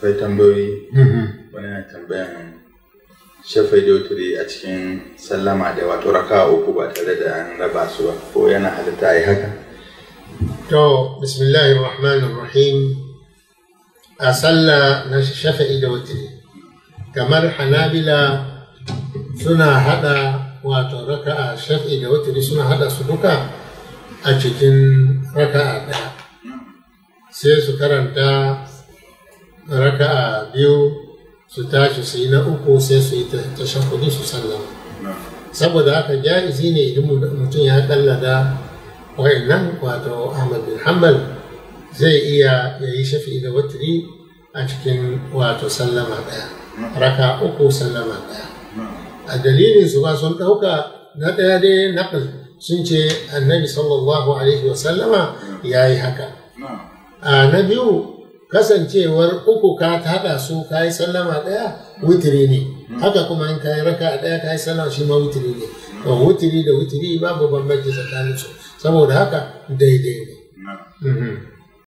akwai tambayoyi mm-hmm. wani na tambayan shafa da a cikin sallama da wato raka uku ba tare da an raba su ba ko yana halitta a yi haka to bismillahir rahmanir rahim a sallah na shafa da wuturi kamar hanabila suna hada wato raka'a shafi da watiri suna hada su duka a cikin raka'a ɗaya sai su karanta a biyu su tashi su yi na uku sai su yi tashahudi su sallama saboda haka ja'izi ne idan mutum ya kallada wa'annan wato ahmad bin hanbal zai iya ya yi shafi da watiri a cikin wato sallama ɗaya raka uku sallama ɗaya a dalilin su ba sun ɗauka na ɗaya dai naƙal sun ce annabi sallallahu alaihi sallama ya yi haka a na biyu kasancewar uku ka haɗa su ka yi sallama ɗaya wutiri ne hmm. haka kuma in ka yi raka a ɗaya ka yi sallama shi ma wutiri ne Ba wutiri da wutiri babu bambanci tsakanin su saboda haka daidai ne